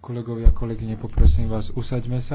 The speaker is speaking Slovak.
Kolegovia, kolegyne, poprosím vás, usaďme sa.